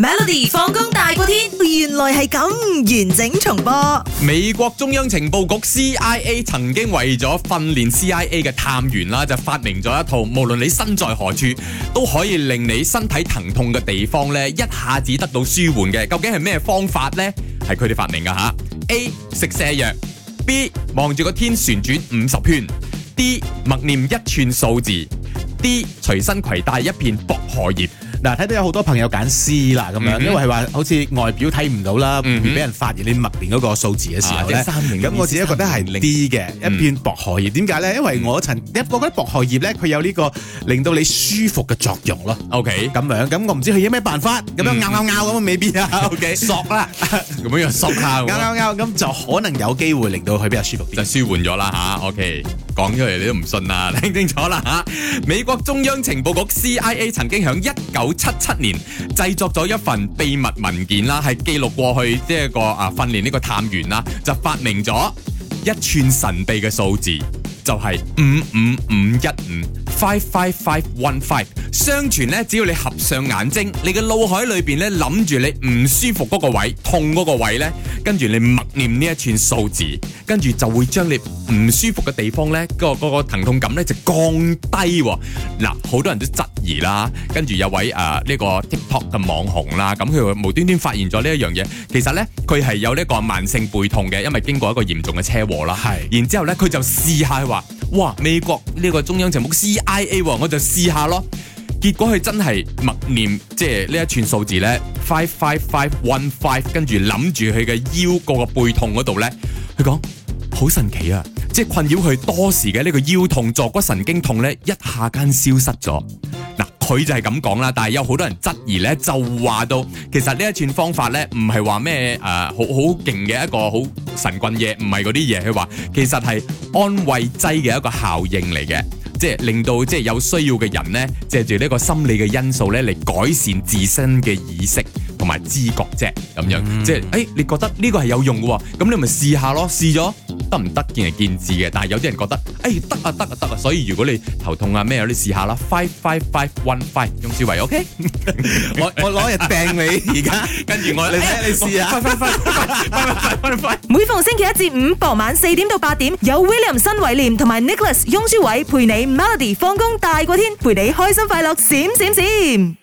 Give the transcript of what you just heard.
Melody 放工大過天，原來係咁完整重播。美國中央情報局 CIA 曾經為咗訓練 CIA 嘅探員啦，就發明咗一套，無論你身在何處，都可以令你身體疼痛嘅地方咧，一下子得到舒緩嘅。究竟係咩方法呢？係佢哋發明㗎吓。A 食瀉藥，B 望住個天旋轉五十圈，D 默念一串數字，D 隨身攜帶一片薄荷葉。嗱，睇到有好多朋友揀 C 啦，咁樣，因為係話好似外表睇唔到啦，唔俾人發現你默唸嗰個數字嘅時候咧，咁我自己覺得係 D 嘅一片薄荷葉。點解咧？因為我曾，我覺得薄荷葉咧，佢有呢個令到你舒服嘅作用咯。OK，咁樣，咁我唔知佢有咩辦法，咁樣拗拗拗咁，未必啊。OK，索啦，咁樣索下，拗拗拗咁就可能有機會令到佢比較舒服啲，就舒緩咗啦吓。OK。講出嚟你都唔信啦！聽清楚啦吓、啊，美國中央情報局 CIA 曾經響一九七七年製作咗一份秘密文件啦，係記錄過去即、這、係個啊訓練呢個探員啦，就發明咗一串神秘嘅數字，就係五五五一五 five five five one five，相傳咧，只要你合上眼睛，你嘅腦海裏邊咧，諗住你唔舒服嗰個位痛嗰個位咧。跟住你默念呢一串數字，跟住就會將你唔舒服嘅地方呢、呢個、呢個疼痛感呢就降低，哦。嗱，好多人都質疑啦，跟住有位誒呢、啊呢個 TikTok 嘅網紅啦，咁、嗯、佢無端端發現咗呢一樣嘢，其實呢，佢係有呢個慢性背痛嘅，因為經過一個嚴重嘅車禍啦。係是，然之後咧佢就試下佢話，哇，美國呢個中央情報 CIA，哦、我就試下咯。結果佢真係默念，即係呢一串數字咧，five five five one five，跟住諗住佢嘅腰嗰個背痛嗰度咧，佢講好神奇啊！即係困擾佢多時嘅呢個腰痛、坐骨神經痛咧，一下間消失咗。嗱，佢就係咁講啦，但係有好多人質疑咧，就話到其實呢一串方法咧，唔係話咩誒好好勁嘅一個好神棍嘢，唔係嗰啲嘢。佢話其實係安慰劑嘅一個效應嚟嘅。即係令到即係有需要嘅人咧，借住呢個心理嘅因素咧，嚟改善自身嘅意識同埋知覺啫，咁樣。Mm hmm. 即係，哎，你覺得呢個係有用嘅喎，咁你咪試下咯，試咗。得唔得見仁見智嘅，但係有啲人覺得，哎，得啊得啊得啊，所以如果你頭痛啊咩，你試下啦，five five five one five，翁書偉，O K，我我攞日掟你，而家跟住我你你試啊，每逢星期一至五傍晚四點到八點，有 William 新偉念同埋 Nicholas 翁書偉陪你 Melody 放工大過天，陪你開心快樂閃閃閃。